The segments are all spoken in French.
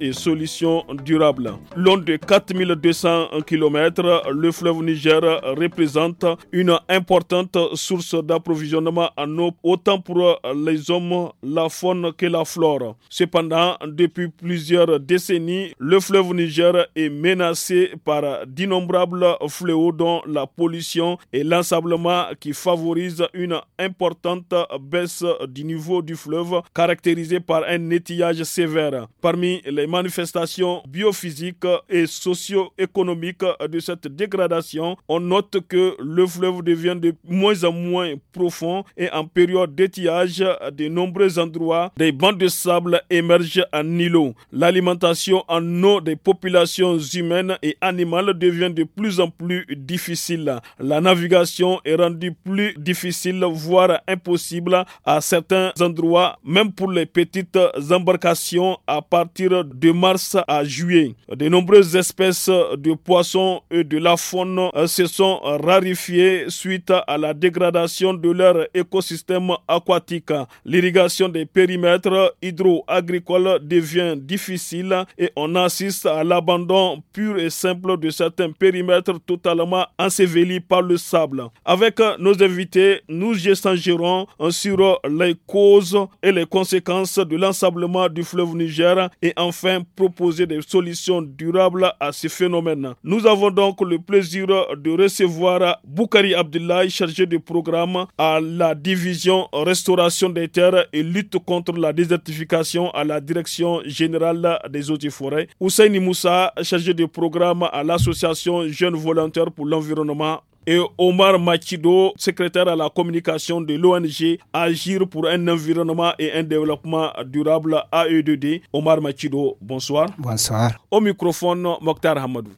et solutions durables. Long de 4200 km, le fleuve Niger représente une importante source d'approvisionnement en eau, autant pour les hommes, la faune que la flore. Cependant, depuis plusieurs décennies, le fleuve Niger est menacé par d'innombrables fléaux dont la pollution et l'ensablement qui favorisent une importante baisse du niveau du fleuve caractérisée par un étiage sévère. Par parmi les manifestations biophysiques et socio-économiques de cette dégradation, on note que le fleuve devient de moins en moins profond et en période d'étiage, de nombreux endroits, des bancs de sable émergent en îlots. L'alimentation en eau des populations humaines et animales devient de plus en plus difficile. La navigation est rendue plus difficile, voire impossible à certains endroits, même pour les petites embarcations à partir de mars à juillet. De nombreuses espèces de poissons et de la faune euh, se sont rarifiées suite à la dégradation de leur écosystème aquatique. L'irrigation des périmètres hydro-agricoles devient difficile et on assiste à l'abandon pur et simple de certains périmètres totalement ensevelis par le sable. Avec nos invités, nous échangerons euh, sur les causes et les conséquences de l'ensablement du fleuve Niger et enfin proposer des solutions durables à ces phénomènes. Nous avons donc le plaisir de recevoir Boukari Abdoulaye, chargé de programme à la division restauration des terres et lutte contre la désertification à la direction générale des eaux et forêts. Hussein Moussa, chargé de programme à l'association Jeunes volontaires pour l'environnement et Omar Machido, secrétaire à la communication de l'ONG Agir pour un environnement et un développement durable AE2D. Omar Machido, bonsoir. Bonsoir. Au microphone, Mokhtar Hamadou.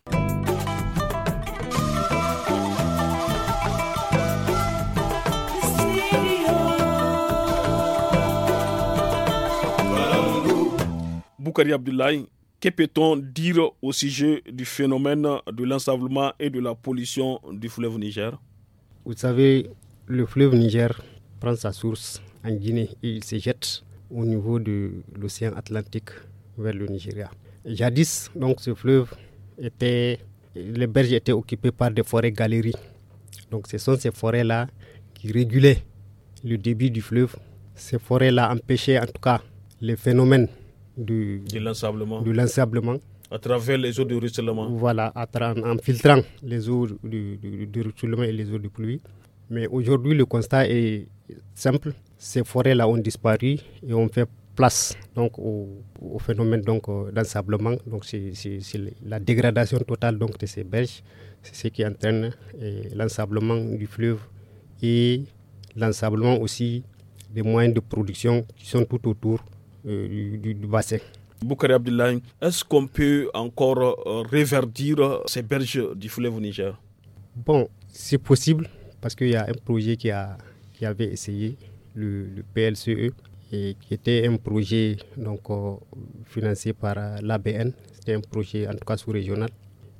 Boukari Abdoulaye. Que peut-on dire au sujet du phénomène de l'ensablement et de la pollution du fleuve Niger Vous savez, le fleuve Niger prend sa source en Guinée et il se jette au niveau de l'océan Atlantique vers le Nigeria. Jadis, donc, ce fleuve était, les berges étaient occupées par des forêts galeries. Donc, ce sont ces forêts-là qui régulaient le débit du fleuve. Ces forêts-là empêchaient, en tout cas, les phénomènes du, du l'ensablement à travers les eaux de ruissellement. Voilà, en filtrant les eaux du, ruissellement et les eaux de pluie. Mais aujourd'hui, le constat est simple. Ces forêts-là ont disparu et on fait place donc, au, phénomène donc, euh, d'ensablement. Donc, c'est la dégradation totale donc, de ces berges. C'est ce qui entraîne euh, l'ensablement du fleuve et l'ensablement aussi des moyens de production qui sont tout autour euh, du, bassin est-ce qu'on peut encore euh, reverdir euh, ces berges du fleuve Niger Bon, c'est possible parce qu'il y a un projet qui, a, qui avait essayé, le, PLCE, e, et qui était un projet donc, financé par l'ABN. C'était un projet en tout cas sous-régional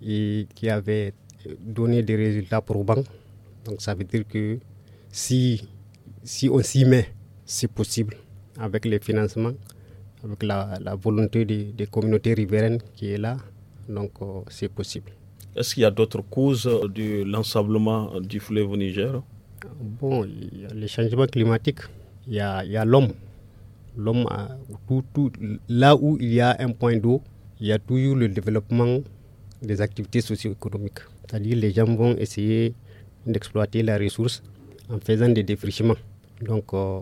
et qui avait donné des résultats probants. Donc ça veut dire que si, si on s'y met, c'est possible avec les financements, avec la, volonté des, communautés riveraines qui est là. Donc euh, c'est possible. Est-ce qu'il y a d'autres causes de l'ensablement du fleuve au Niger Bon, il y a les changements climatiques, il y a, l'homme. L'homme, là où il y a un point d'eau, il y a toujours le développement des activités socio-économiques. C'est-à-dire les gens vont essayer d'exploiter la ressource en faisant des défrichements. Donc, euh,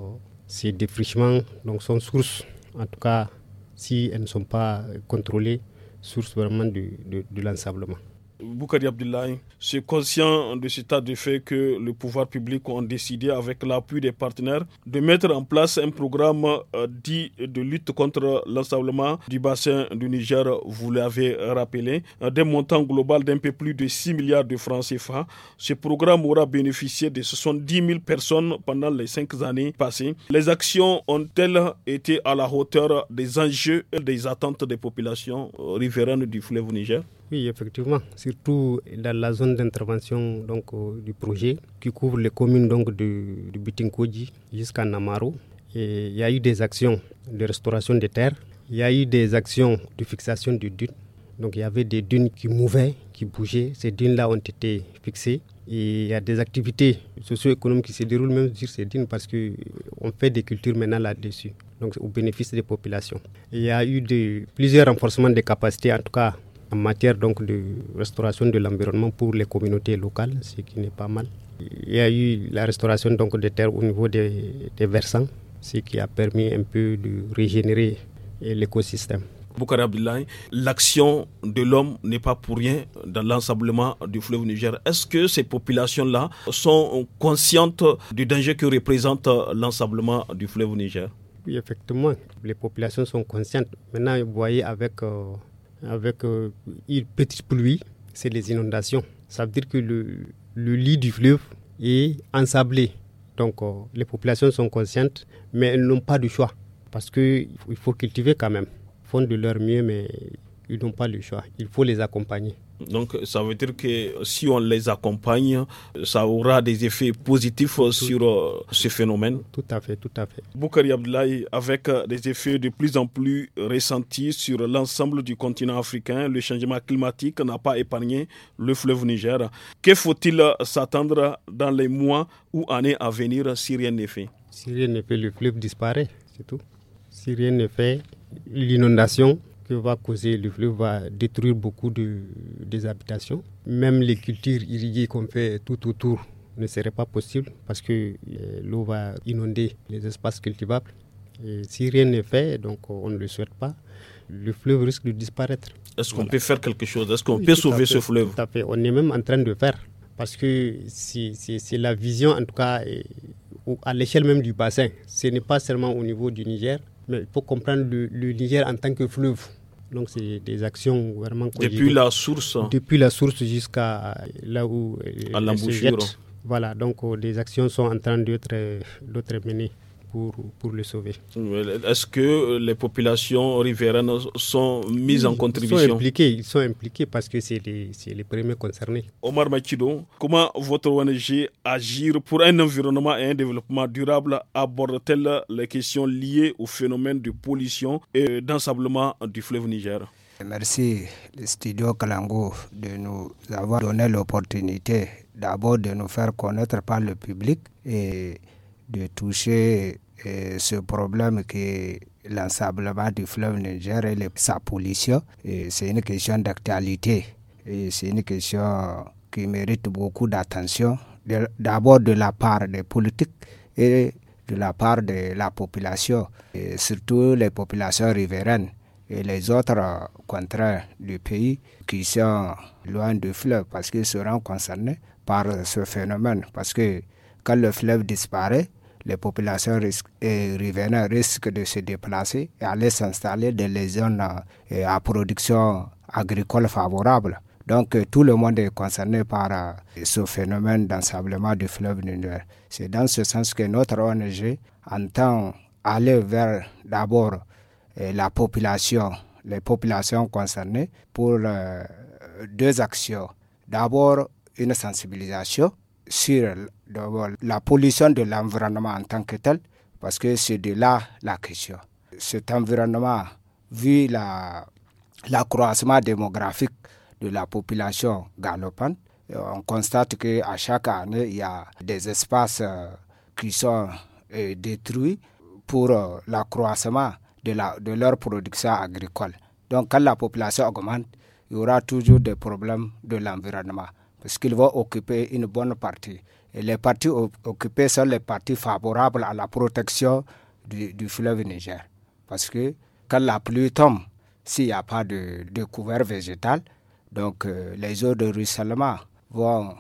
ces défrichements sont source, en tout cas si elles ne sont pas contrôlées, source vraiment de, de, de l'ensablement. Boukari Abdullahi, c'est conscient de cet état de fait que le pouvoir public ont décidé, avec l'appui des partenaires, de mettre en place un programme euh, dit de lutte contre l'ensablement du bassin du Niger, vous l'avez rappelé, euh, d'un montant global d'un peu plus de 6 milliards de francs CFA. Ce programme aura bénéficié de 70 000 personnes pendant les cinq années passées. Les actions ont-elles été à la hauteur des enjeux et des attentes des populations euh, riveraines du fleuve Niger? Oui, effectivement, surtout dans la zone d'intervention donc euh, du projet qui couvre les communes donc de, de jusqu'à Namaro. Et il y a eu des actions de restauration des terres, il y a eu des actions de fixation du dunes. Donc il y avait des dunes qui mouvaient, qui bougeaient. Ces dunes-là ont été fixées. Et il y a des activités socio-économiques qui se déroulent même sur ces dunes parce qu'on euh, fait des cultures maintenant là-dessus, donc au bénéfice des populations. il y a eu plusieurs renforcements des capacités, en tout cas en matière donc de restauration de l'environnement pour les communautés locales, ce qui n'est pas mal. Il y a eu la restauration donc des terres au niveau des, versants, ce qui a permis un peu de régénérer l'écosystème. Boukara l'action de l'homme n'est pas pour rien dans l'ensemblement du fleuve Niger. Est-ce que ces populations-là sont conscientes du danger que représente l'ensemblement du fleuve Niger Oui, effectivement, les populations sont conscientes. Maintenant, vous voyez avec euh, avec euh, une petite pluie, c'est les inondations. Ça veut dire que le, lit du fleuve est ensablé. Donc euh, les populations sont conscientes, mais elles n'ont pas de choix parce qu'il il faut cultiver quand même. Ils font de leur mieux, mais ils n'ont pas le choix. Il faut les accompagner. Donc ça veut dire que si on les accompagne, ça aura des effets positifs sur euh, ce phénomène. Tout à fait, tout à fait. Boukari Abdoulaye, avec euh, des effets de plus en plus ressentis sur l'ensemble du continent africain, le changement climatique n'a pas épargné le fleuve Niger. Que faut-il euh, s'attendre dans les mois ou années à venir si rien n'est fait Si rien n'est fait, le fleuve disparaît, c'est tout. Si rien n'est fait, l'inondation va causer, le fleuve va détruire beaucoup de, des habitations. Même les cultures irriguées qu'on fait tout autour ne seraient pas possibles parce que euh, l'eau va inonder les espaces cultivables. si rien n'est fait, donc euh, on ne le souhaite pas, le fleuve risque de disparaître. Est-ce qu'on peut faire quelque chose Est-ce qu'on peut sauver ce fleuve Tout à fait. On est même en train de faire parce que c'est la vision, en tout cas, à l'échelle même du bassin. Ce n'est pas seulement au niveau du Niger, mais il faut comprendre le Niger en tant que fleuve. Donc, c'est des actions vraiment. Depuis la source Depuis la source jusqu'à là où. Euh, à l'embouchure. Voilà, donc euh, des actions sont en train d'être menées pour, le sauver. Euh, est-ce que euh, les populations riveraines sont mises en contribution sont impliqués, Ils sont impliqués parce que c'est les, premiers concernés. Omar Makido, comment votre ONG agir pour un environnement et un développement durable aborde-t-elle les questions liées au phénomène de pollution et d'ensablement du fleuve Niger Merci, le studio Kalango, de nous avoir donné l'opportunité d'abord de nous faire connaître par le public et de toucher euh, ce problème que l'ensemble du fleuve Niger et sa pollution, c'est une question d'actualité. Et c'est une question qui mérite beaucoup d'attention, d'abord de la part des politiques et de la part de la population, et surtout les populations riveraines et les autres contraires du pays qui sont loin du fleuve parce qu'ils seront concernés par ce phénomène. Parce que quand le fleuve disparaît, les populations riveraines risquent de se déplacer et aller s'installer dans les zones euh, à production agricole favorable. Donc euh, tout le monde est concerné par euh, ce phénomène d'ensablement du fleuve Niger. C'est dans ce sens que notre ONG entend aller vers d'abord la population, les populations concernées pour deux actions. D'abord une sensibilisation sur la pollution de l'environnement en tant que tel, parce que c'est de là la question. Cet environnement, vu l'accroissement démographique de la population galopante, euh, on constate qu'à chaque année, il y a des espaces euh, qui sont euh, détruits pour l'accroissement de, de leur production agricole. Donc quand la population augmente, il y aura toujours des problèmes de l'environnement, parce qu'ils vont occuper une bonne partie les partis occupés sont les partis favorables à la protection du, fleuve Niger. Parce que quand la pluie tombe, s'il n'y a pas de, couvert végétal, donc euh, les eaux de ruissellement vont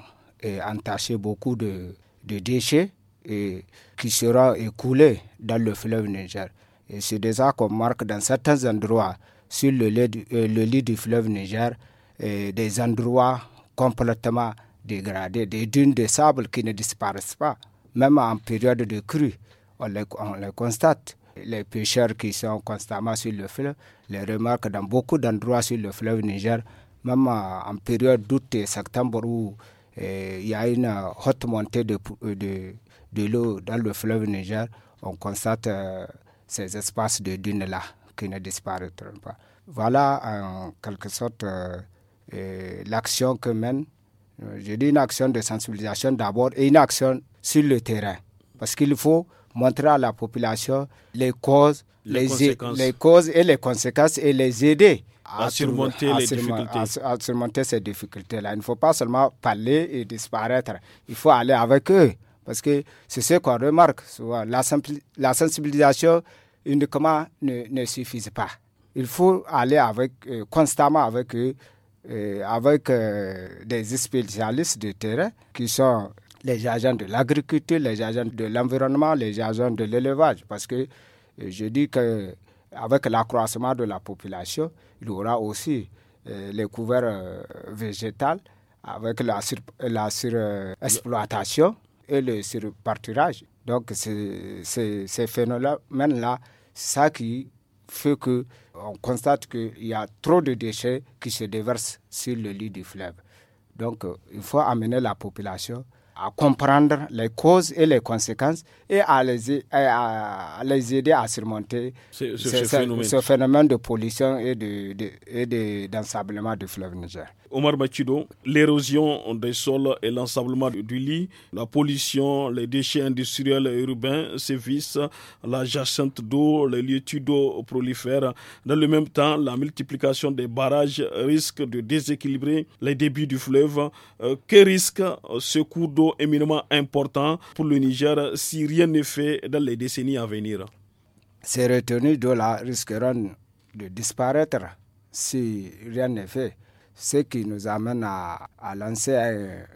euh, entacher beaucoup de, déchets et, qui seront écoulés dans le fleuve Niger. Et c'est déjà qu'on marque dans certains endroits, sur le euh, lit du fleuve Niger, des endroits complètement des dunes de sable qui ne disparaissent pas, même en période de crue. On les, constate. Les pêcheurs qui sont constamment sur le fleuve les remarquent dans beaucoup d'endroits sur le fleuve Niger, même en période d'août et septembre où eh, il y a une euh, haute montée de, euh, de, de l'eau dans le fleuve Niger, on constate euh, ces espaces de dunes-là qui ne disparaîtront pas. Voilà en quelque sorte eh, l'action que mène euh, j'ai dit une action de sensibilisation d'abord et une action sur le terrain. Parce qu'il faut montrer à la population les causes, les, les, les causes et les conséquences et les aider à, surmonter, surmonter ces difficultés-là. Il ne faut pas seulement parler et disparaître. Il faut aller avec eux. Parce que c'est ce qu'on remarque souvent. La, sensibilisation uniquement ne, ne suffit pas. Il faut aller avec, euh, constamment avec eux euh, avec euh, des spécialistes de terrain qui sont les agents de l'agriculture, les agents de l'environnement, les agents de l'élevage. Parce que euh, je dis que avec l'accroissement de la population, il y aura aussi les couverts végétales avec la, sur, la surexploitation et le surparturage. Donc, c'est ces phénomènes-là, ça qui fait que on constate qu'il y a trop de déchets qui se déversent sur le lit du fleuve. Donc, euh, il faut amener la population à comprendre les causes et les conséquences et à les, aider à surmonter ce, phénomène. de pollution et d'ensablement de, du fleuve Niger. Omar Machido, l'érosion des sols et l'ensablement du lit, la pollution, les déchets industriels et urbains sévissent, la jacente d'eau, les lieux d'eau prolifèrent. Dans le même temps, la multiplication des barrages risque de déséquilibrer les débits du fleuve. Euh, que risque ce cours d'eau éminemment important pour le Niger si rien n'est fait dans les décennies à venir Ces retenues d'eau-là risqueront de disparaître si rien n'est fait ce qui nous amène à, à lancer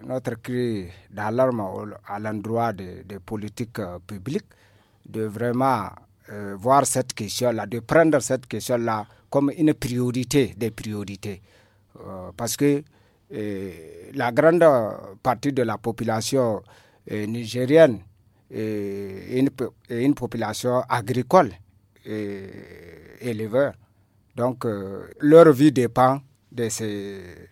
notre cri d'alarme à l'endroit des, politiques euh, publiques, de vraiment euh, voir cette question-là, de prendre cette question-là comme une priorité des priorités. Euh, parce que la grande partie de la population nigérienne est une, population agricole et éleveur. Donc leur vie dépend de ces,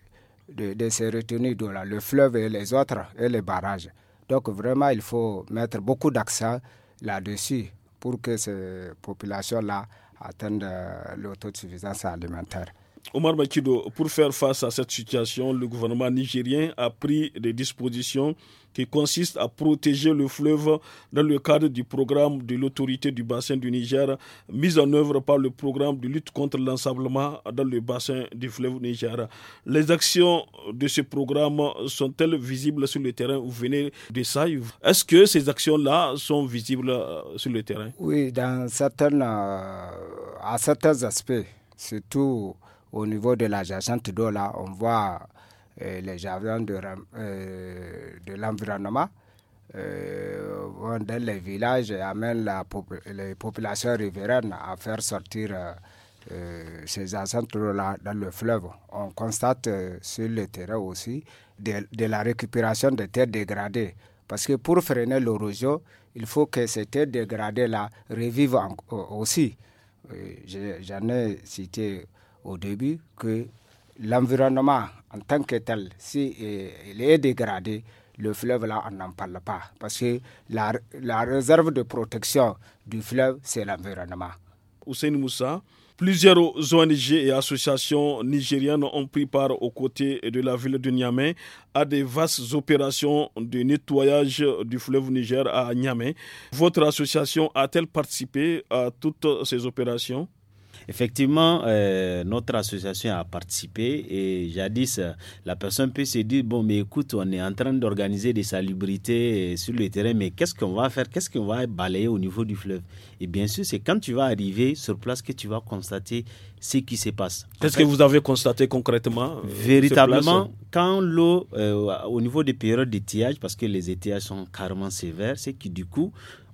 de, retenues le fleuve et les autres, et les barrages. Donc vraiment, il faut mettre beaucoup d'accent là-dessus pour que ces populations-là atteignent euh, l'autosuffisance alimentaire. Omar Makido, pour faire face à cette situation, le gouvernement nigérien a pris des dispositions qui consistent à protéger le fleuve dans le cadre du programme de l'autorité du bassin du Niger, mis en œuvre par le programme de lutte contre l'ensablement dans le bassin du fleuve Niger. Les actions de ce programme sont-elles visibles sur le terrain Vous venez de ça. Est-ce que ces actions-là sont visibles euh, sur le terrain Oui, dans certaines, euh, à certains aspects, surtout au niveau de la jacente d'eau, on voit euh, les avions de, euh, de l'environnement. Euh, dans les villages et amènent la, les populations riveraines à faire sortir ces jacentes d'eau dans le fleuve. On constate sur le terrain aussi de, la récupération de terres dégradées. Parce que pour freiner l'érosion, il faut que ces terres dégradées-là revivent aussi. J'en ai cité au début que l'environnement en tant que tel, s'il euh, est dégradé, le fleuve là, on n'en parle pas. Parce que la, réserve de protection du fleuve, c'est l'environnement. Hussein Moussa, Plusieurs ONG et associations nigériennes ont pris part aux côtés de la ville de Niamey à des vastes opérations de nettoyage du fleuve Niger à Niamey. Votre association a-t-elle participé à toutes ces opérations Effectivement, euh, notre association a participé et jadis, euh, la personne peut se dire, bon, mais écoute, on est en train d'organiser des salubrités euh, sur le terrain, mais qu'est-ce qu'on va faire Qu'est-ce qu'on va balayer au niveau du fleuve Et bien sûr, c'est quand tu vas arriver sur place que tu vas constater ce qui se passe. Qu'est-ce que vous avez constaté concrètement Véritablement, hein? quand l'eau, au niveau des périodes d'étiage, parce que les étiages sont carrément sévères, c'est que du coup,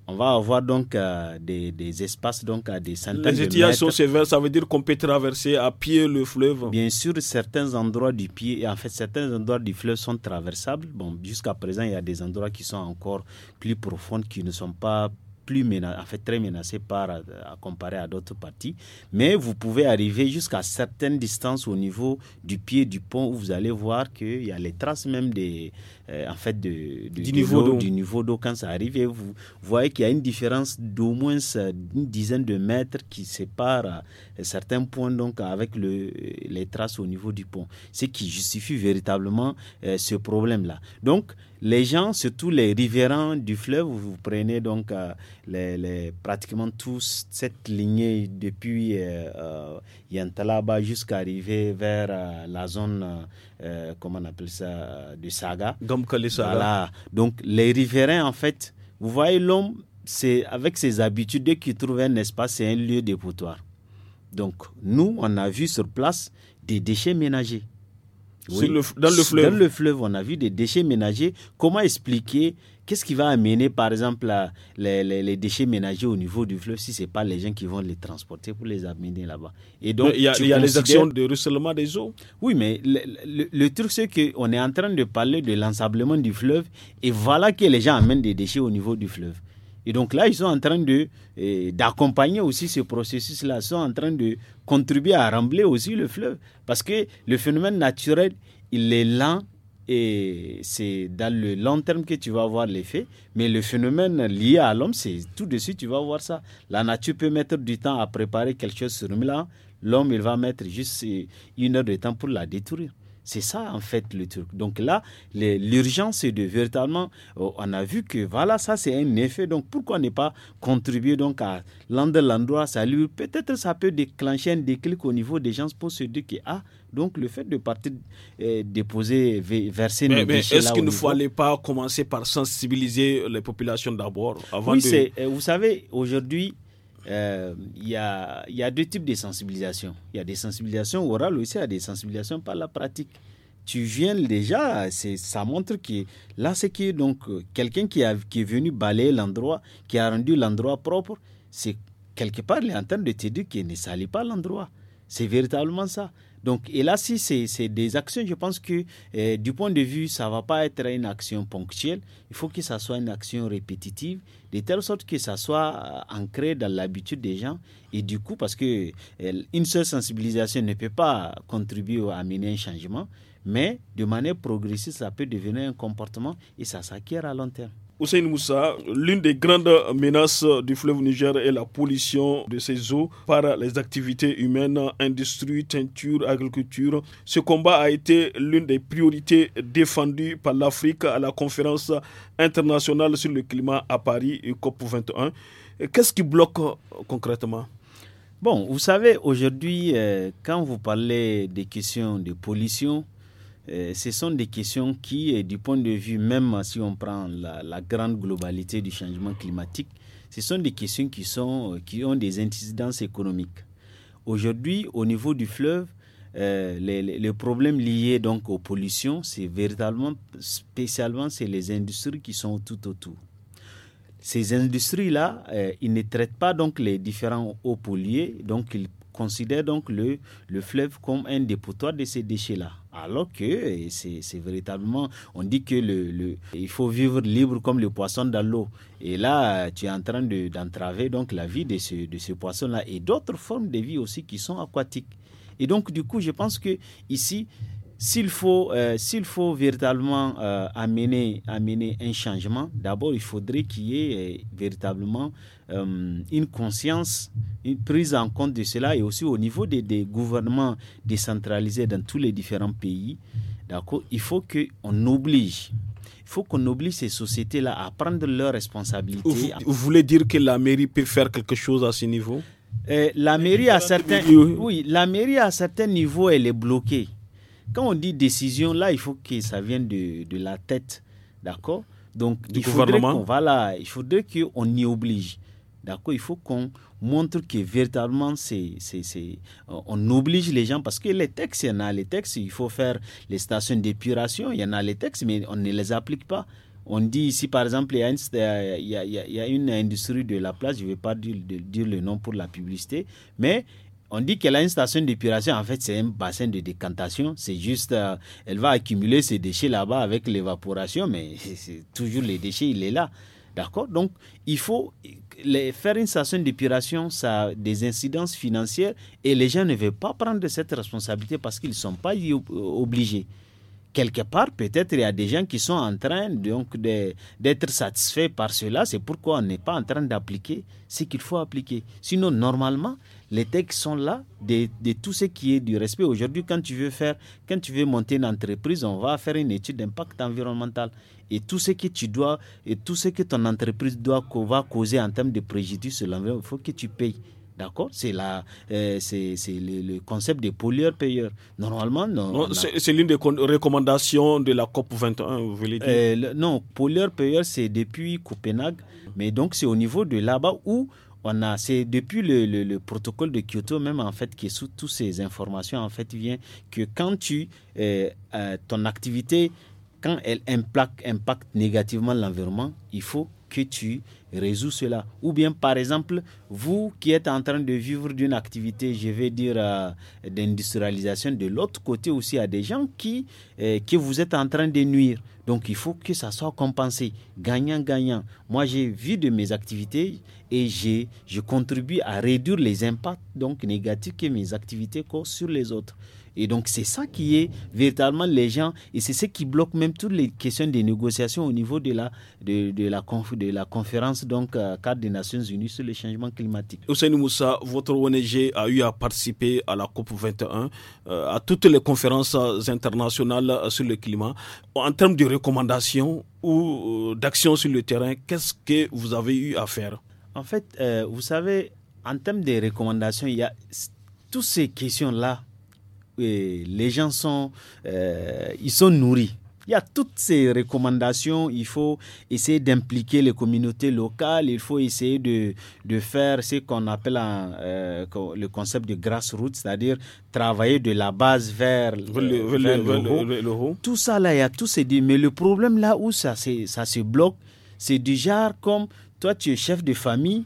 on va avoir donc euh, des, espaces donc à des centaines Les de sévères, ça veut dire qu'on peut traverser à pied le fleuve. Bien sûr, certains endroits du pied, en fait, certains endroits du fleuve sont traversables. Bon, jusqu'à présent, il y a des endroits qui sont encore plus profonds, qui ne sont pas plus en fait, très menacé par, euh, à comparer à d'autres parties. Mais vous pouvez arriver jusqu'à certaines distances au niveau du pied du pont où vous allez voir qu'il y a les traces même des, euh, en fait de, du, niveau d'eau quand ça arrive. Et vous voyez qu'il y a une différence d'au moins euh, une dizaine de mètres qui sépare certains points donc avec le, les traces au niveau du pont. Ce qui justifie véritablement ce problème-là. Donc, les gens, surtout les riverains du fleuve, vous prenez donc euh, les, pratiquement tous cette lignée depuis euh, euh Yantalaba jusqu'à arriver vers euh, la zone, comment on appelle ça, du Saga. Donc les riverains, en fait, vous voyez l'homme, c'est avec ses habitudes, qu'il trouve un espace, c'est un lieu de dépotoir. Donc nous, on a vu sur place des déchets ménagers dans le fleuve. on a vu des déchets ménagers. Comment expliquer Qu'est-ce qui va amener, par exemple, les, déchets ménagers au niveau du fleuve si ce n'est pas les gens qui vont les transporter pour les amener là-bas Et donc, Il y a, les actions de ruissellement des eaux. Oui, mais le, le truc, c'est qu'on est en train de parler de l'ensablement du fleuve et voilà que les gens amènent des déchets au niveau du fleuve. Et donc là, ils sont en train de d'accompagner aussi ce processus-là, ils sont en train de contribuer à rembler aussi le fleuve, parce que le phénomène naturel, il est lent et c'est dans le long terme que tu vas voir l'effet, mais le phénomène lié à l'homme, c'est tout de suite, tu vas voir ça. La nature peut mettre du temps à préparer quelque chose sur là, l'homme, il va mettre juste une heure de temps pour la détruire. C'est ça, en fait, le truc. Donc là, l'urgence, est de véritablement. Oh, on a vu que, voilà, ça, c'est un effet. Donc pourquoi ne pas contribuer donc à l'endroit, ça lui. Peut-être ça peut déclencher un déclic au niveau des gens pour se dire que, ah, donc le fait de partir euh, déposer, verser mais, Est-ce qu'il ne fallait pas commencer par sensibiliser les populations d'abord avant Oui, c'est... Euh, vous savez, aujourd'hui, il euh, y, a, y, a, deux types de sensibilisation. Il y a des sensibilisations orales aussi, il y a des sensibilisations par la pratique. Tu viens déjà, ça montre que là, c'est donc euh, quelqu'un qui, qui est venu balayer l'endroit, qui a rendu l'endroit propre, c'est quelque part, il est en train de te dire qu'il ne salit pas l'endroit. C'est véritablement ça. Donc, et là, si c'est des actions, je pense que euh, du point de vue, ça ne va pas être une action ponctuelle. Il faut que ça soit une action répétitive, de telle sorte que ça soit euh, ancré dans l'habitude des gens. Et du coup, parce que euh, seule sensibilisation ne peut pas contribuer à amener un changement, mais de manière progressive, ça peut devenir un comportement et ça s'acquiert à long terme. Hussein Moussa, l'une des grandes menaces du fleuve Niger est la pollution de ses eaux par les activités humaines, industrie, teinture, agriculture. Ce combat a été l'une des priorités défendues par l'Afrique à la conférence internationale sur le climat à Paris, COP21. Qu'est-ce qui bloque concrètement Bon, vous savez, aujourd'hui, euh, quand vous parlez des questions de pollution, euh, ce sont des questions qui, euh, du point de vue même euh, si on prend la, grande globalité du changement climatique, ce sont des questions qui, sont, qui ont des incidences économiques. Aujourd'hui, au niveau du fleuve, les, problèmes liés donc aux pollutions, c'est véritablement, spécialement, c'est les industries qui sont tout autour. Ces industries-là, ils ne traitent pas donc les différents eaux polluées, donc ils considère donc le, le fleuve comme un dépotoir de ces déchets-là. Alors que c'est véritablement, on dit que le, il faut vivre libre comme le poisson dans l'eau. Et là, tu es en train d'entraver donc la vie de ce, de ce poisson-là et d'autres formes de vie aussi qui sont aquatiques. Et donc, du coup, je pense que ici, s'il faut, euh, s'il faut véritablement euh, amener, amener un changement, d'abord il faudrait qu'il y ait euh, véritablement une conscience, une prise en compte de cela et aussi au niveau des, gouvernements décentralisés dans tous les différents pays. D'accord Il faut qu'on oblige. Il faut qu'on oblige ces sociétés-là à prendre leurs responsabilités. Vous, vous voulez dire que la mairie peut faire quelque chose à ce niveau la mairie, à certains, oui, la mairie à certains niveaux, elle est bloquée. Quand on dit décision, là, il faut que ça vienne de, la tête, d'accord Donc, du il faudrait qu'on il faudrait qu'on y oblige, d'accord Il faut qu'on montre que véritablement, c'est, c'est, euh, on oblige les gens parce que les textes, il y en a les textes, il faut faire les stations d'épuration, il y en a les textes, mais on ne les applique pas. On dit ici, par exemple, il y a une, industrie de la place, je ne vais pas dire, dire, le nom pour la publicité, mais on dit qu'elle a une station d'épuration. En fait, c'est un bassin de décantation. C'est juste, euh, elle va accumuler ses déchets là-bas avec l'évaporation, mais c'est toujours les déchets, il est là. D'accord Donc, il faut faire une station d'épuration, ça a des incidences financières et les gens ne veulent pas prendre cette responsabilité parce qu'ils ne sont pas obligés. Quelque part, peut-être il y a des gens qui sont en train d'être satisfaits par cela. C'est pourquoi on n'est pas en train d'appliquer ce qu'il faut appliquer. Sinon, normalement, les textes sont là de, tout ce qui est du respect. Aujourd'hui, quand tu veux faire, quand tu veux monter une entreprise, on va faire une étude d'impact environnemental et tout ce que tu dois et tout ce que ton entreprise doit va causer en termes de préjudice sur l'environnement, il faut que tu payes. D'accord euh, C'est le, le, concept de pollueur-payeur. Normalement, non. c'est l'une des recommandations de la COP21, vous voulez dire euh, Non, pollueur-payeur, c'est depuis Copenhague. Mais donc, c'est au niveau de là-bas où on a, c'est depuis le, le, protocole de Kyoto même en fait qui est sous toutes ces informations en fait vient que quand tu euh, euh, ton activité quand elle impacte, impacte négativement l'environnement, il faut que tu résous cela. Ou bien, par exemple, vous qui êtes en train de vivre d'une activité, je vais dire, d'industrialisation, de l'autre côté aussi, à des gens qui, euh, qui vous êtes en train de nuire. Donc il faut que ça soit compensé, gagnant-gagnant. Moi, j'ai vu de mes activités et je contribue à réduire les impacts donc, négatifs que mes activités causent sur les autres. Et donc, c'est ça qui est véritablement les gens, et c'est ce qui bloque même toutes les questions de négociation au niveau de la, de, de de la conférence, donc, euh, cadre des Nations Unies sur le changement climatique. Hussein Moussa, votre ONG a eu à participer à la COP21, euh, à toutes les conférences internationales sur le climat. En termes de recommandations ou euh, d'action sur le terrain, qu'est-ce que vous avez eu à faire En fait, euh, vous savez, en termes de recommandations, il y a toutes ces questions-là. les gens sont, euh, ils sont nourris il y a toutes ces recommandations. Il faut essayer d'impliquer les communautés locales. Il faut essayer de, de faire ce qu'on appelle euh, le concept de grassroots, c'est-à-dire travailler de la base vers, le, haut. Tout ça, là, il y a tous ces... Mais le problème, là où ça, ça se bloque, c'est du genre comme toi, tu es chef de famille.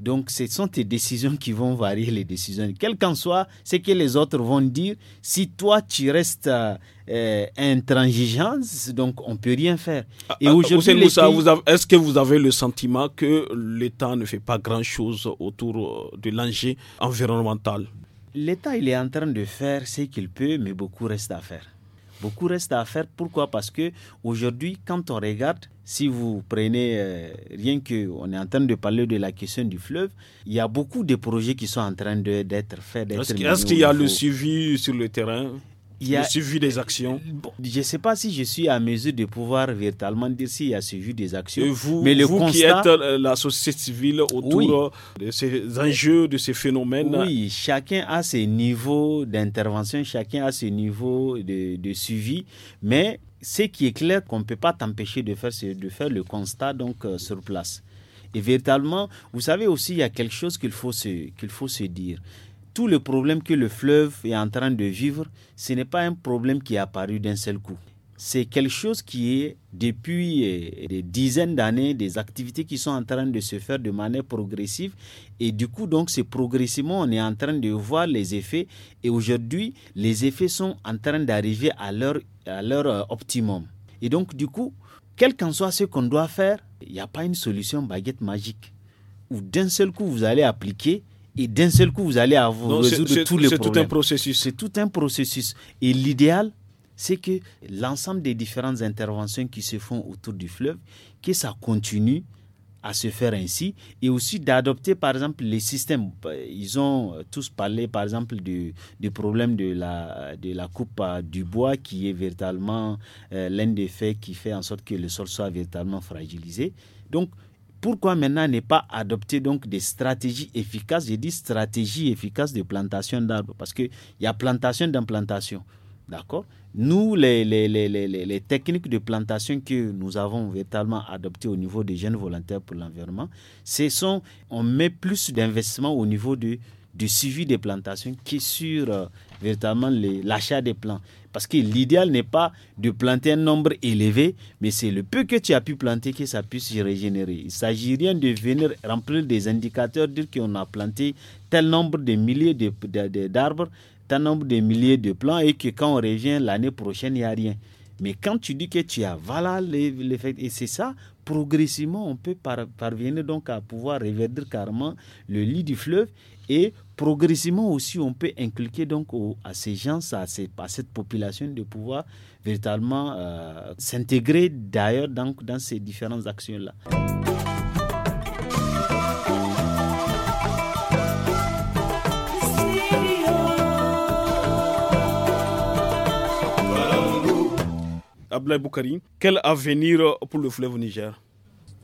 Donc, ce sont tes décisions qui vont varier les décisions. Quel qu'en soit ce que les autres vont dire, si toi, tu restes euh, euh, intransigeance, donc on peut rien faire. Ah, Et ah, est-ce que vous avez le sentiment que l'État ne fait pas grand-chose autour euh, de l'enjeu environnemental L'État, il est en train de faire ce qu'il peut, mais beaucoup reste à faire. Beaucoup reste à faire. Pourquoi Parce que aujourd'hui, quand on regarde, si vous prenez euh, rien que, on est en train de parler de la question du fleuve, il y a beaucoup de projets qui sont en train d'être faits. Est-ce qu'il y a le suivi sur le terrain y a, suivi des actions. Je ne sais pas si je suis à mesure de pouvoir véritablement dire s'il y a suivi des actions. vous, mais le vous constat, qui êtes euh, la société civile autour euh, de ces enjeux, de ces phénomènes. Oui, chacun a ses niveaux d'intervention, chacun a ses niveaux de, suivi, mais ce qui est clair qu'on ne peut pas t'empêcher de faire, de faire le constat donc euh, sur place. Et véritablement, vous savez aussi, il y a quelque chose qu'il faut, qu'il faut se dire tout le problème que le fleuve est en train de vivre, ce n'est pas un problème qui est apparu d'un seul coup. C'est quelque chose qui est, depuis euh, des dizaines d'années, des activités qui sont en train de se faire de manière progressive. Et du coup, donc, c'est progressivement, on est en train de voir les effets. Et aujourd'hui, les effets sont en train d'arriver à leur, à leur euh, optimum. Et donc, du coup, quel qu'en soit ce qu'on doit faire, il n'y a pas une solution baguette magique. Où d'un seul coup, vous allez appliquer et d'un seul coup, vous allez avoir résoudre tous les problèmes. C'est tout un processus. C'est tout un processus. Et l'idéal, c'est que l'ensemble des différentes interventions qui se font autour du fleuve, que ça continue à se faire ainsi et aussi d'adopter par exemple les systèmes. Ils ont euh, tous parlé par exemple du, problème de la, de la coupe euh, du bois qui est véritablement euh, l'un des faits qui fait en sorte que le sol soit véritablement fragilisé. Donc pourquoi maintenant ne pas adopter donc des stratégies efficaces j'ai dit stratégie efficace de plantation d'arbres parce qu'il y a plantation d'implantation. D'accord Nous, les, techniques de plantation que nous avons véritablement adoptées au niveau des jeunes volontaires pour l'environnement, ce sont, on met plus d'investissement au niveau du, suivi des plantations qui sur euh, l'achat des plants. Parce que l'idéal n'est pas de planter un nombre élevé, mais c'est le peu que tu as pu planter que ça puisse se régénérer. Il ne s'agit rien de venir remplir des indicateurs, dire qu'on a planté tel nombre de milliers d'arbres, tel nombre de milliers de plants et que quand on revient l'année prochaine, il n'y a rien. Mais quand tu dis que tu as, voilà l'effet, et c'est ça, progressivement, on peut parvenir donc à pouvoir reverdir carrément le lit du fleuve et progressivement aussi, on peut inculquer donc à ces gens, à, cette population de pouvoir véritablement euh, s'intégrer d'ailleurs dans, dans ces différentes actions-là. Ablaï Boukari, quel avenir pour le fleuve Niger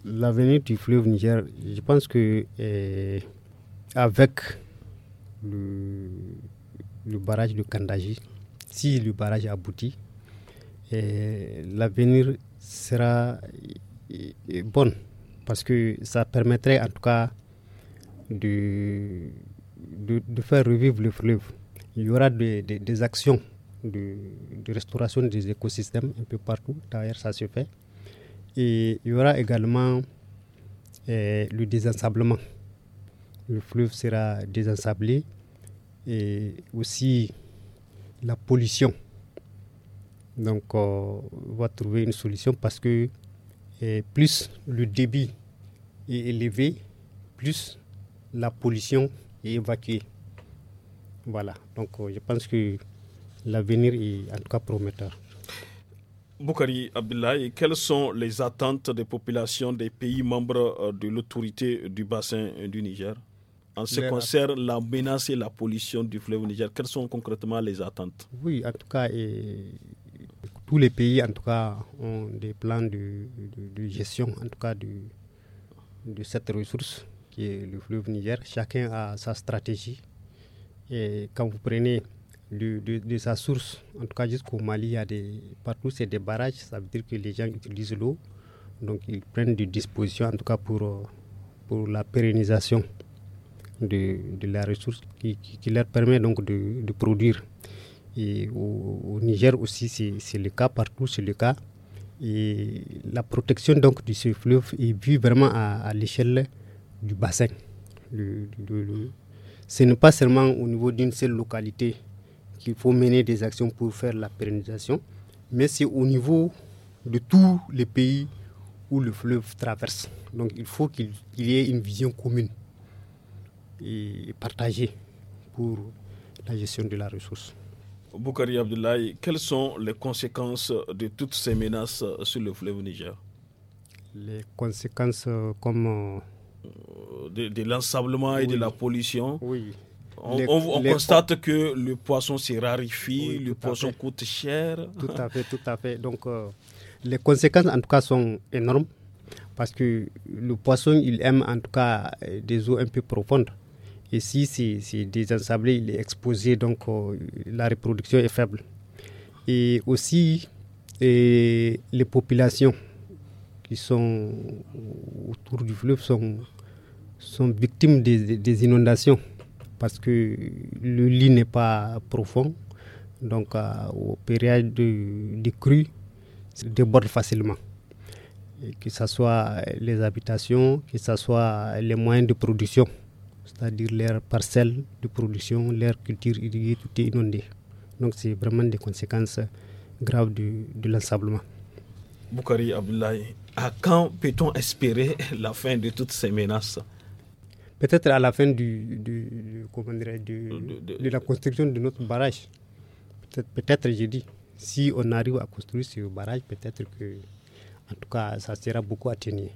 L'avenir du fleuve Niger, je pense que eh, avec le, barrage de Kandaji, si le barrage aboutit, eh, l'avenir sera eh, eh, bon parce que ça permettrait en tout cas de, de, faire revivre le fleuve. Il y aura des, actions de, de, restauration des écosystèmes un peu partout, d'ailleurs ça se fait. Et il y aura également le désensablement le fleuve sera désensablé et aussi la pollution. Donc euh, on va trouver une solution parce que eh, plus le débit est élevé, plus la pollution est évacuée. Voilà, donc euh, je pense que l'avenir est en tout cas prometteur. Boukari Abdullahi, quelles sont les attentes des populations des pays membres euh, de l'autorité du bassin du Niger en ce qui concerne la menace et la pollution du fleuve Niger Quelles sont concrètement les attentes Oui, en tout cas, tous les pays, en tout cas, ont des plans de, gestion, en tout cas, de, cette ressource qui est le fleuve Niger. Chacun a sa stratégie. Et quand vous prenez de, sa source, en tout cas jusqu'au Mali, il y a des, partout c'est des barrages, ça veut dire que les gens utilisent l'eau, donc ils prennent des dispositions en tout cas pour la pérennisation de, la ressource qui, leur permet donc de, produire. Et au, Niger aussi, c'est le cas, partout c'est le cas. Et la protection donc de ce fleuve est vue vraiment à, l'échelle du bassin. ce n'est pas seulement au niveau d'une seule localité qu'il faut mener des actions pour faire la pérennisation, mais c'est au niveau de tous les pays où le fleuve traverse. Donc il faut qu'il y ait une vision commune et partagé pour la gestion de la ressource. Boukari Abdoulaye, quelles sont les conséquences de toutes ces menaces sur le fleuve Niger Les conséquences euh, comme... Euh, euh, de, et de la pollution Oui. On, constate que le poisson se raréfie, le poisson coûte cher. Tout à fait, tout à fait. Donc, les conséquences, en tout cas, sont énormes parce que le poisson, il aime en tout cas des eaux un peu profondes. Et si c'est si, désensablé, il est exposé, donc euh, la reproduction est faible. Et aussi, les populations qui sont autour du fleuve sont, victimes des, inondations parce que le lit n'est pas profond. Donc, au période de, crues, ça déborde facilement. que ce soit les habitations, que ce soit les moyens de production c'est-à-dire leurs parcelles de production, leurs cultures irriguées, tout est inondé. Donc c'est vraiment des conséquences graves de, l'ensablement. Boukari Abdoulaye, à quand peut-on espérer la fin de toutes ces menaces Peut-être à la fin du, de la construction de notre barrage. Peut-être, peut-être, je dis, si on arrive à construire ce barrage, peut-être que, en tout cas, ça sera beaucoup atténué.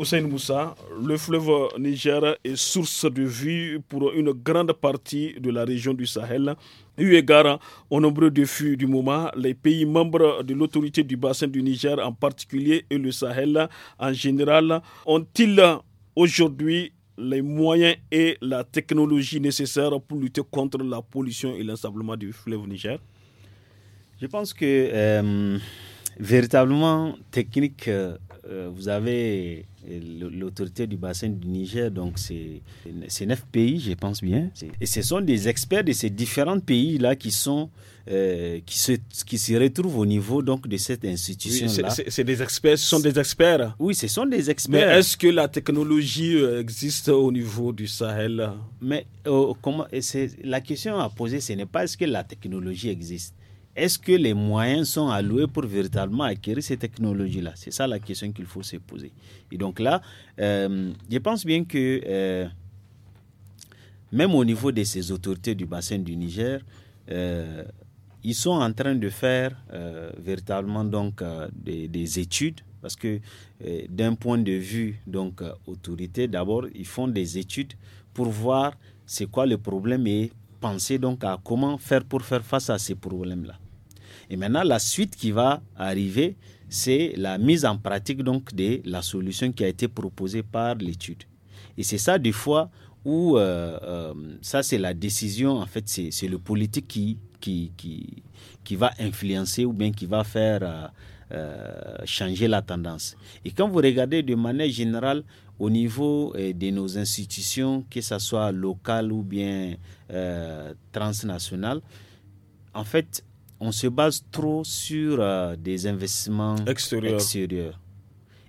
Hussein Moussa, le fleuve Niger est source de vie pour une grande partie de la région du Sahel. Eu égard au nombre de du moment, les pays membres de l'autorité du bassin du Niger en particulier et le Sahel en général ont-ils aujourd'hui les moyens et la technologie nécessaires pour lutter contre la pollution et l'ensablement du fleuve Niger Je pense que euh, véritablement technique. Euh, euh, vous avez euh, l'autorité du bassin du Niger, donc c'est neuf pays, je pense bien. Et ce sont des experts de ces différents pays-là qui sont euh, qui, se, qui se retrouvent au niveau donc de cette institution-là. c'est des experts, ce sont des experts. Oui, ce sont des experts. Mais est-ce que la technologie existe au niveau du Sahel Mais comment, la question à poser, ce n'est pas est-ce que la technologie existe est-ce que les moyens sont alloués pour véritablement acquérir ces technologies-là C'est ça la question qu'il faut se poser. Et donc là, euh, je pense bien que euh, même au niveau de ces autorités du bassin du Niger, euh, ils sont en train de faire véritablement donc des, des, études parce que d'un point de vue donc autorité, d'abord ils font des études pour voir c'est quoi le problème et penser donc à comment faire pour faire face à ces problèmes-là. Et maintenant, la suite qui va arriver, c'est la mise en pratique donc de la solution qui a été proposée par l'étude. Et c'est ça des fois où euh, euh, ça c'est la décision, en fait c'est le politique qui, qui, qui, qui, va influencer ou bien qui va faire euh, changer la tendance. Et quand vous regardez de manière générale au niveau de nos institutions, que ce soit locales ou bien transnationales, en fait on se base trop sur euh, des investissements extérieurs.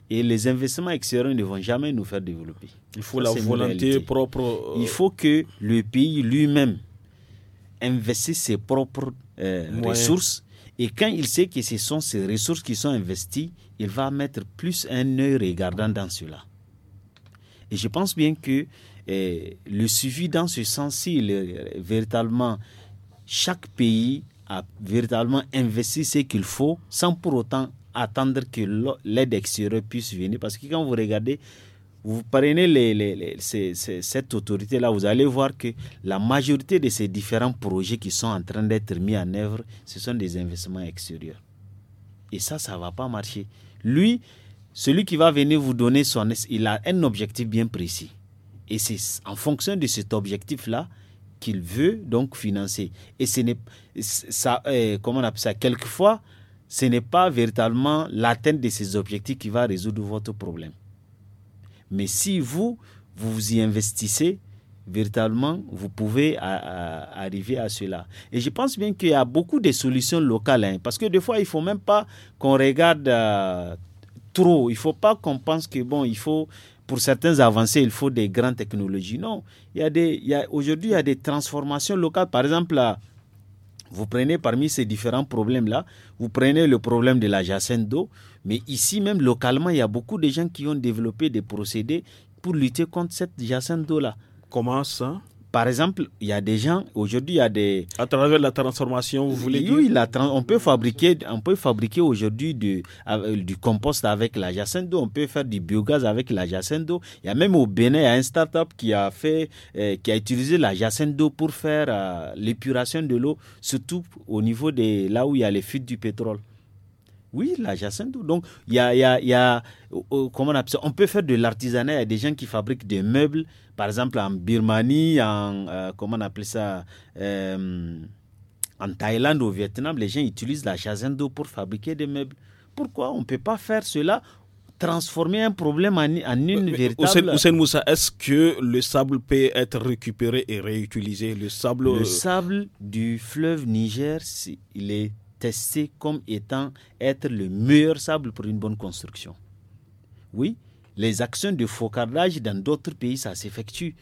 Et les investissements extérieurs ne vont jamais nous faire développer. Il faut la volonté propre. Euh, il faut que le pays lui-même investisse ses propres euh, ressources. Et quand il sait que ce sont ses ressources qui sont investies, il va mettre plus un œil regardant dans cela. Et je pense bien que le suivi dans ce sens-ci, véritablement, chaque pays a véritablement investi ce qu'il faut sans pour autant attendre que l'aide extérieure puisse venir. Parce que quand vous regardez, vous prenez les, cette autorité-là, vous allez voir que la majorité de ces différents projets qui sont en train d'être mis en œuvre, ce sont des investissements extérieurs. Et ça, ça ne va pas marcher. Lui, celui qui va venir vous donner son... Il a un objectif bien précis. Et c'est en fonction de cet objectif-là qu'il veut donc financer. Et ce n'est ça, euh, comment on appelle ça, quelquefois, ce n'est pas véritablement l'atteinte de ses objectifs qui va résoudre votre problème. Mais si vous, vous, y investissez, véritablement, vous pouvez arriver à cela. Et je pense bien qu'il y a beaucoup de solutions locales, hein, parce que des fois, il faut même pas qu'on regarde euh, trop, il faut pas qu'on pense que, bon, il faut pour certains avancées, il faut des grandes technologies. Non, il y a des, aujourd'hui, il y a des transformations locales. Par exemple, vous prenez parmi ces différents problèmes-là, vous prenez le problème de la jacinthe d'eau, mais ici même localement, il y a beaucoup de gens qui ont développé des procédés pour lutter contre cette jacinthe d'eau-là. Comment ça par exemple, il y a des gens, aujourd'hui, il y a des... À travers la transformation, vous voulez dire on peut fabriquer, fabriquer aujourd'hui du, compost avec la d'eau, on peut faire du biogaz avec la d'eau. Il y a même au Bénin, il y a un start-up qui a fait, euh, qui a utilisé la d'eau pour faire euh, l'épuration de l'eau, surtout au niveau de là où il y a les fuites du pétrole. Oui, la d'eau. Donc, il y a, y a euh, euh, comment on appelle ça On peut faire de l'artisanat. Il y a des gens qui fabriquent des meubles, par exemple en Birmanie, en, euh, comment on appelle ça En Thaïlande, au Vietnam, les gens utilisent la d'eau pour fabriquer des meubles. Pourquoi on ne peut pas faire cela transformer un problème en, une véritable... Ousen Moussa, est-ce que le sable peut être récupéré et réutilisé Le sable... Le sable du fleuve Niger, il est c'est comme étant être le meilleur sable pour une bonne construction. Oui, les actions de focardage dans d'autres pays, ça s'effectue,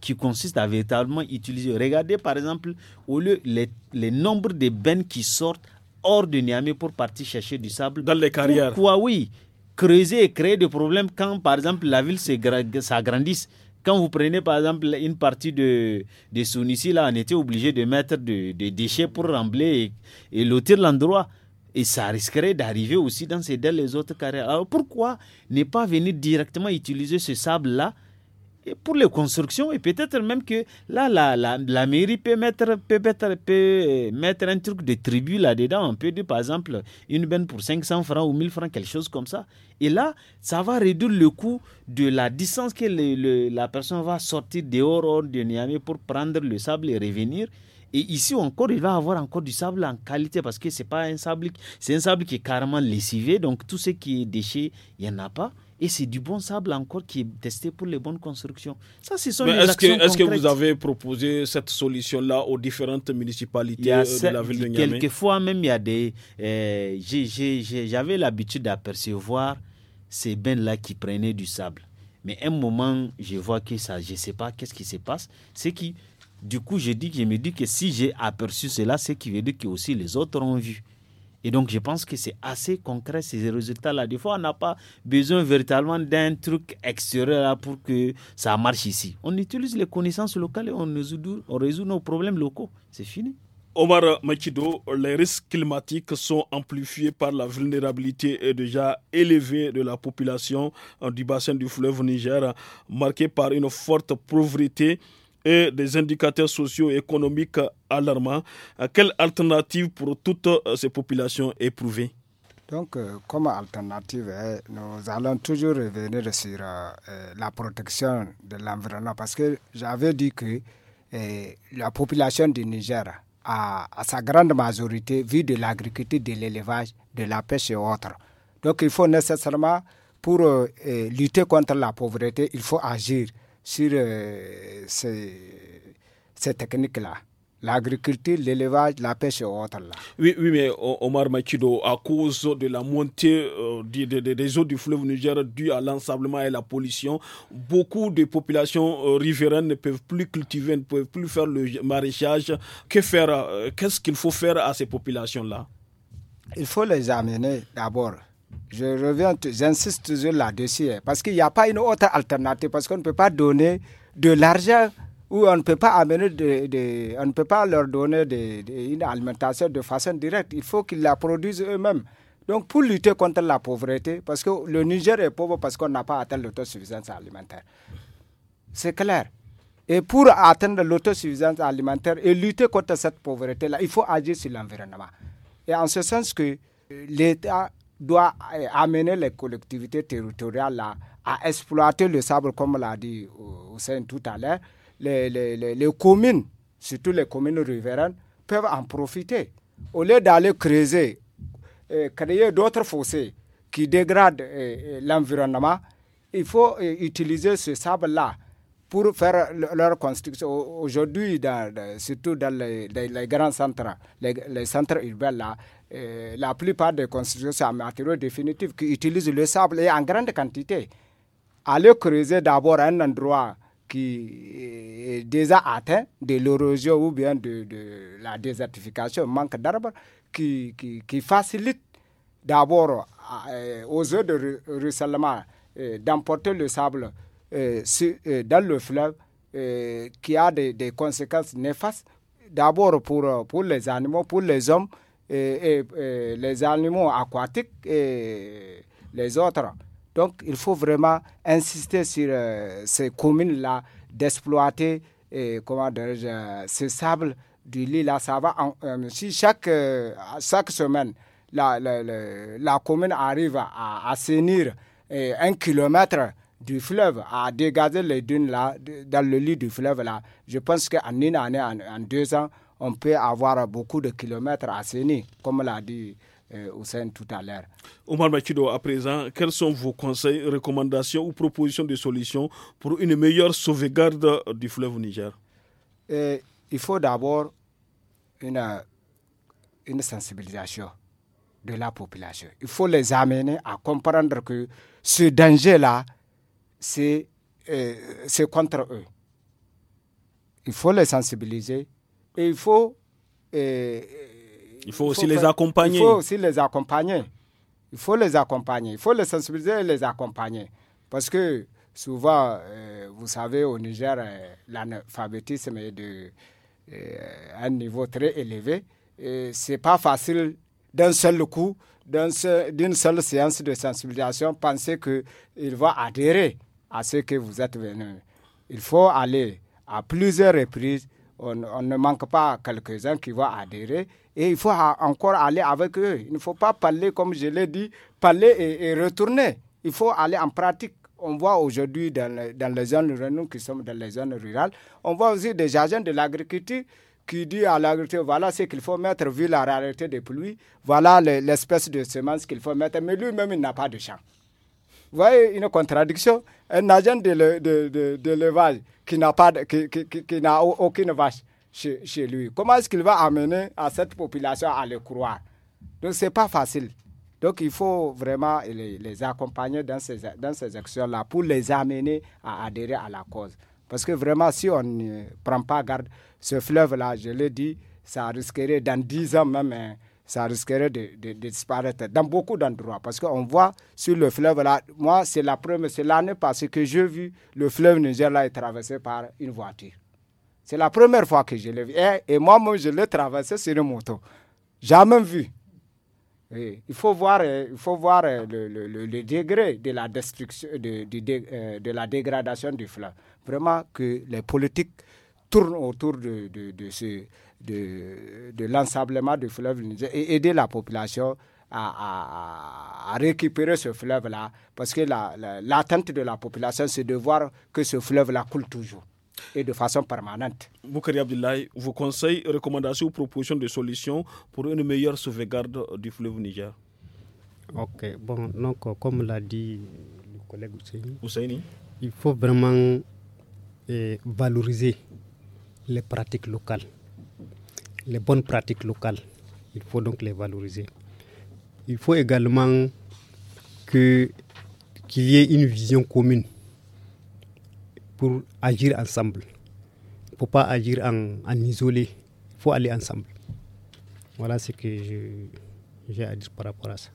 qui consiste à véritablement utiliser. Regardez par exemple, au lieu les, nombres de bennes qui sortent hors de Niamey pour partir chercher du sable. Dans les carrières. Pourquoi oui Creuser et créer des problèmes quand par exemple la ville s'agrandisse. Quand vous prenez par exemple une partie de, de Sounici, là, on était obligé de mettre des de déchets pour rembler et, lotir l'endroit. Et ça risquerait d'arriver aussi dans ces les autres carrières. Alors pourquoi ne pas venir directement utiliser ce sable-là pour les constructions et peut-être même que là, la, la, la mairie peut mettre, peut, mettre un truc de tribut là-dedans. On peut dire par exemple une benne pour 500 francs ou 1000 francs, quelque chose comme ça. Et là, ça va réduire le coût de la distance que le, la personne va sortir dehors de Niamey pour prendre le sable et revenir. Et ici encore, il va avoir encore du sable en qualité parce que c'est pas un sable, c'est un sable qui est carrément lessivé. Donc tout ce qui est déchet, il n'y en a pas. Et c'est du bon sable encore qui est testé pour les bonnes constructions. Ça, ce sont est-ce que, est que, vous avez proposé cette solution-là aux différentes municipalités euh, de la ville de Niamey Quelquefois, même, il y a des. Euh, j'avais l'habitude d'apercevoir ces bains-là qui prenaient du sable. Mais à un moment, je vois que ça, je ne sais pas qu'est-ce qui se passe. C'est qui, du coup, je, dis, je me dis que si j'ai aperçu cela, c'est qui veut dire que aussi les autres ont vu. Et donc, je pense que c'est assez concret ces résultats-là. Des fois, on n'a pas besoin véritablement d'un truc extérieur pour que ça marche ici. On utilise les connaissances locales et on résout, nos problèmes locaux. C'est fini. Omar Machido, les risques climatiques sont amplifiés par la vulnérabilité déjà élevée de la population du bassin du fleuve Niger, marquée par une forte pauvreté et des indicateurs sociaux et économiques alarmants. Euh, quelle alternative pour toutes euh, ces populations éprouvées donc, euh, comme alternative, nous allons toujours revenir sur la protection de l'environnement parce que j'avais dit que la population du Niger, à, sa grande majorité, vit de l'agriculture, de l'élevage, de la pêche et autres. Donc, il faut nécessairement, pour lutter contre la pauvreté, il faut agir sur euh, ces, techniques-là l'agriculture, l'élevage, la pêche et autres. Là. Oui, oui, mais Omar Machido, à cause de la montée euh, des, eaux du fleuve Niger due à l'ensablement et la pollution, beaucoup de populations euh, riveraines ne peuvent plus cultiver, ne peuvent plus faire le maraîchage. Que faire Qu'est-ce qu'il faut faire à ces populations-là Il faut les amener d'abord je reviens, j'insiste là-dessus, hein, parce qu'il n'y a pas une autre alternative, parce qu'on ne peut pas donner de l'argent ou on ne peut pas amener de, on ne peut pas leur donner une alimentation de façon directe. Il faut qu'ils la produisent eux-mêmes. Donc, pour lutter contre la pauvreté, parce que le Niger est pauvre parce qu'on n'a pas atteint l'autosuffisance alimentaire. C'est clair. Et pour atteindre l'autosuffisance alimentaire et lutter contre cette pauvreté-là, il faut agir sur l'environnement. Et en ce sens que l'État doit euh, amener les collectivités territoriales à, exploiter le sable, comme l'a dit Hussein tout à l'heure. Les, les, les, communes, surtout les communes riveraines, peuvent en profiter. Au lieu d'aller creuser, euh, créer d'autres fossés qui dégradent euh, l'environnement, il faut utiliser ce sable-là pour faire leur construction. Aujourd'hui, surtout dans les, grands centres, les centres urbains, là, euh, la plupart des constructions, c'est matériaux définitifs qui utilisent le sable en grande quantité. aller creuser d'abord un endroit qui est déjà atteint de l'érosion ou bien de, la désertification, manque d'arbres, qui, qui, facilite d'abord euh, aux eaux de ruissellement euh, d'emporter le sable dans le fleuve qui a des, des conséquences néfastes d'abord pour, pour les animaux, pour les hommes, et, les animaux aquatiques et les autres. Donc il faut vraiment insister sur euh, ces communes-là, d'exploiter comment ce sable du lit là, ça va. Euh, si chaque, euh, chaque semaine, la, la, la, commune arrive à assainir un kilomètre du fleuve, à dégager les dunes là, dans le lit du fleuve là, je pense qu'en une année, en deux ans, on peut avoir beaucoup de kilomètres à comme l'a dit euh, tout à l'heure. Omar Makido, à présent, quels sont vos conseils, recommandations ou propositions de solutions pour une meilleure sauvegarde du fleuve Niger euh, Il faut d'abord une, une sensibilisation de la population. Il faut les amener à comprendre que ce danger-là, c'est euh, contre eux. Il faut les sensibiliser et il faut. Euh, il faut aussi les accompagner. Il faut aussi les accompagner. Il faut les accompagner. Il faut les sensibiliser et les accompagner. Parce que souvent, euh, vous savez, au Niger, euh, l'analphabétisme est de un niveau très élevé. Ce n'est pas facile d'un seul coup, d'une seule séance de sensibilisation, penser qu'il va adhérer à ce que vous êtes venu. Il faut aller à plusieurs reprises on, ne manque pas quelques-uns qui vont adhérer et il faut encore aller avec eux. Il ne faut pas parler, comme je l'ai dit, parler et, retourner. Il faut aller en pratique. On voit aujourd'hui dans, les zones rurales, qui sommes dans les zones rurales, on voit aussi des agents de l'agriculture qui disent à l'agriculture, voilà ce qu'il faut mettre vu la rareté des pluies, voilà l'espèce de semences qu'il faut mettre, mais lui-même, il n'a pas de champ voyez une contradiction. Un agent de, de, qui n'a pas, qui, qui, qui, n'a aucune vache chez, lui, comment est-ce qu'il va amener à cette population à le croire Donc c'est pas facile. Donc il faut vraiment les, accompagner dans ces, dans ces actions-là pour les amener à adhérer à la cause. Parce que vraiment, si on ne prend pas garde, ce fleuve-là, je l'ai dit, ça risquerait dans 10 ans même hein, ça risquerait de, disparaître dans beaucoup d'endroits. Parce qu'on voit sur le fleuve, là, moi, c'est la première, c'est l'année passée que j'ai vu le fleuve Niger là est traversé par une voiture. C'est la première fois que je l'ai vu. Et, moi, moi je l'ai traversé sur une moto. Jamais vu. Il faut voir, euh, il faut voir euh, le, degré de la destruction, euh, de, la dégradation du fleuve. Vraiment que les politiques tournent autour de ce, de, de du fleuve Niger et aider la population à, récupérer ce fleuve-là, parce que l'attente la, de la population, c'est de voir que ce fleuve-là coule toujours et de façon permanente. Boukari Abdoulaye, vos conseils, recommandations ou propositions de solutions pour une meilleure sauvegarde du fleuve Niger Ok, bon, donc comme l'a dit le collègue Ousseini, il faut vraiment eh, valoriser les pratiques locales les bonnes pratiques locales. Il faut donc les valoriser. Il faut également que, qu'il y ait une vision commune pour agir ensemble. Il ne faut pas agir en, en isolé. Il faut aller ensemble. Voilà ce que j'ai à dire par rapport à ça.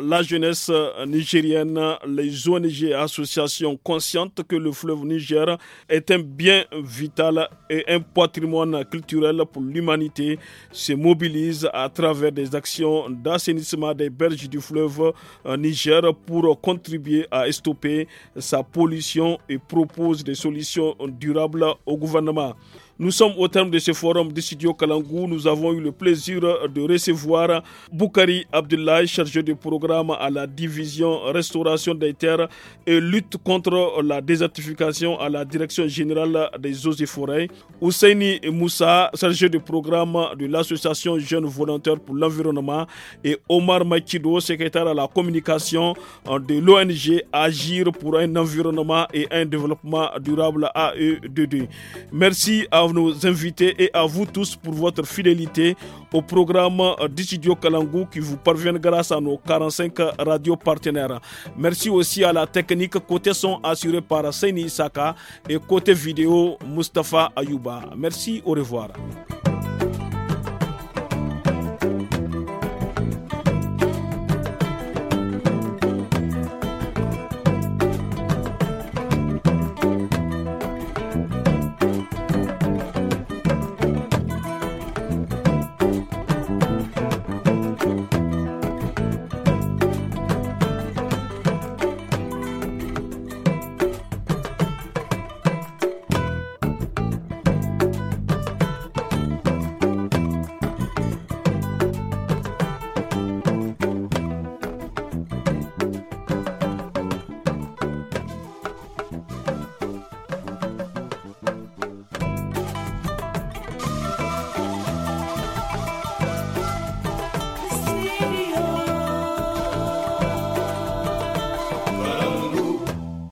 La jeunesse euh, nigérienne, les ONG et associations conscientes que le fleuve Niger est un bien vital et un patrimoine culturel pour l'humanité se mobilisent à travers des actions d'assainissement des berges du fleuve euh, Niger pour contribuer à stopper sa pollution et proposent des solutions durables au gouvernement. Nous sommes au terme de ce forum du Studio Kalangou. Nous avons eu le plaisir de recevoir Boukari Abdullah, chargé de programme à la division restauration des terres et lutte contre la désertification à la direction générale des eaux et forêts. Ousseini Moussa, chargé de programme de l'association Jeunes Volontaires pour l'Environnement. Et Omar Makido, secrétaire à la communication de l'ONG Agir pour un environnement et un développement durable AE2D. Merci à nous nos invités et à vous tous pour votre fidélité au programme euh, Digidio Kalangu qui vous parvient grâce à nos 45 euh, radios partenaires. Merci aussi à la technique côté son assuré par Seni Isaka et côté vidéo Mustapha Ayuba. Merci, au revoir.